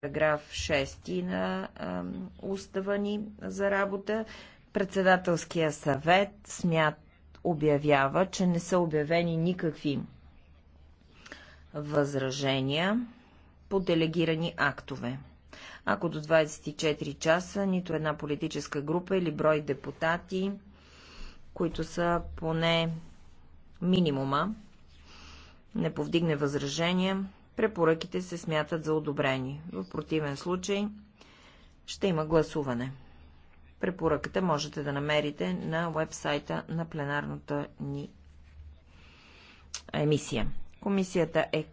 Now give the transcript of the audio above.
параграф 6 на устава ни за работа. Председателския съвет смят, обявява, че не са обявени никакви възражения по делегирани актове. Ако до 24 часа нито една политическа група или брой депутати, които са поне минимума, не повдигне възражения, препоръките се смятат за одобрени. В противен случай ще има гласуване. Препоръката можете да намерите на вебсайта на пленарната ни емисия. Комисията е